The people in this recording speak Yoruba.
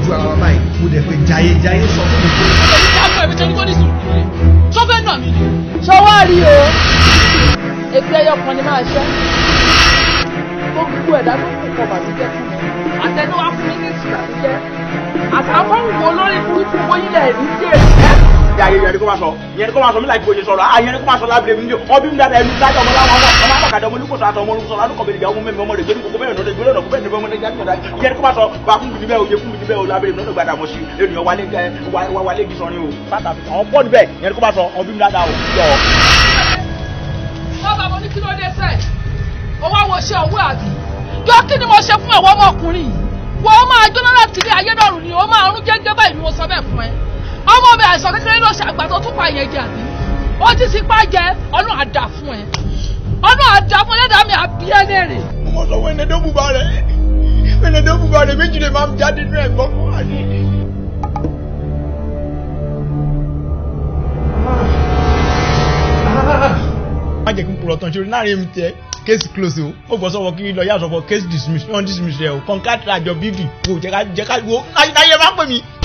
ojú ara wa báyìí mo dẹ̀ pé jayé jayé sọ fún mi. ọ̀sẹ̀ ìjà náà èmi tẹ́lifọ́ ní sùn kúrẹ́ tó nà mí ni. sọwọ́ rí o èpè ẹyọ kan ni máa ṣẹ́ gbogbo ẹ̀dá tó kù kọ̀ bàtí jẹ́ fún mi àtẹnuwá fún mi ní ìtura jẹ́ àtàwọn òwò olórí burúkú wọ́n yílẹ̀ ayé yẹn ni jọ kí ni mo ṣe fún àwọn ọmọkùnrin yìí wọ́n máa jóná láti ilé ayédọ̀rùn ni ó máa rún jẹ́jẹ́ báyìí ni mo sọ ṣàgbà tó tún pa yẹn jẹ àbí ó ti sì pa jẹ ọ̀nà àdá fún ẹ ọ̀nà àdá fún ẹlẹ́dàá mi àbí ẹlẹ́rẹ̀. mo sọ wọn ẹnẹdọ bùbá rẹ ẹnẹdọ bùbá rẹ méjì lè máa jáde nínú ẹgbọn fún wa ni. má jẹ́ kí n kúrò tán ṣe láàrin mi tẹ case close o ó gbọ́ sọ́wọ́ kí lọ yá sọ́wọ́ case dismissed non dismissed ẹ̀ o kọ́ńkátà àjọ bíbí kò jẹ́ ká jẹ́ ká wo ayé máa pè mí